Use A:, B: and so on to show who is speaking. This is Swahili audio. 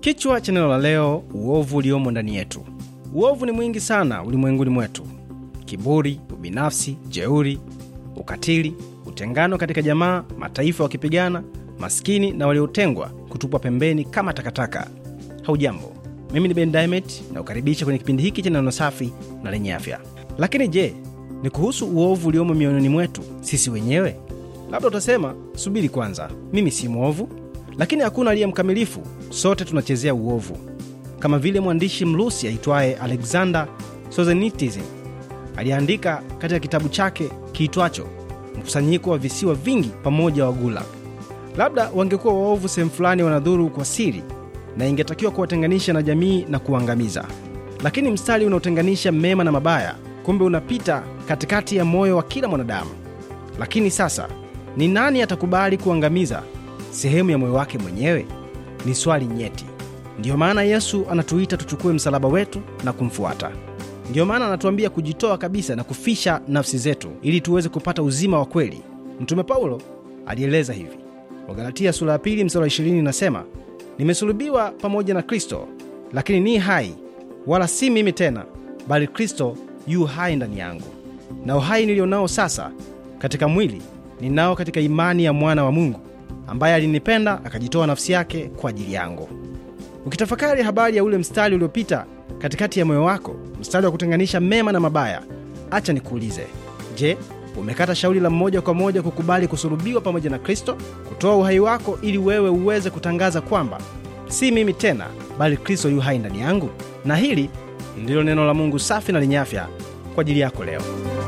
A: Kichwa cha neno la leo: uovu uliomo ndani yetu. Uovu ni mwingi sana ulimwenguni mwetu: kiburi, ubinafsi, jeuri, ukatili, utengano katika jamaa, mataifa wakipigana, maskini na waliotengwa kutupwa pembeni kama takataka. Haujambo, mimi ni Ben Diamond na ukaribisha kwenye kipindi hiki cha neno safi na lenye afya. Lakini je, ni kuhusu uovu uliomo mioyoni mwetu sisi wenyewe? Labda utasema, subiri kwanza, mimi si mwovu lakini hakuna aliye mkamilifu, sote tunachezea uovu, kama vile mwandishi Mrusi aitwaye Alexander Solzhenitsyn aliandika katika kitabu chake kiitwacho Mkusanyiko wa Visiwa Vingi pamoja wa Gulag. Labda wangekuwa waovu sehemu fulani, wanadhuru kwa siri, na ingetakiwa kuwatenganisha na jamii na kuwangamiza lakini mstari unaotenganisha mema na mabaya kumbe unapita katikati ya moyo wa kila mwanadamu. Lakini sasa ni nani atakubali kuangamiza sehemu ya moyo wake mwenyewe? Ni swali nyeti. Ndiyo maana Yesu anatuita tuchukue msalaba wetu na kumfuata. Ndiyo maana anatuambia kujitoa kabisa na kufisha nafsi zetu ili tuweze kupata uzima wa kweli. Mtume Paulo alieleza hivi, Wagalatia sura ya pili mstari wa ishirini inasema, nimesulubiwa pamoja na Kristo, lakini ni hai, wala si mimi tena, bali Kristo yu hai ndani yangu, na uhai nilionao sasa katika mwili ninao katika imani ya mwana wa Mungu ambaye alinipenda akajitoa nafsi yake kwa ajili yangu ukitafakari habari ya ule mstari uliopita katikati ya moyo wako mstari wa kutenganisha mema na mabaya acha nikuulize je umekata shauri la mmoja kwa moja kukubali kusulubiwa pamoja na kristo kutoa uhai wako ili wewe uweze kutangaza kwamba si mimi tena bali kristo yu hai ndani yangu na hili ndilo neno la mungu safi na lenye afya kwa ajili yako leo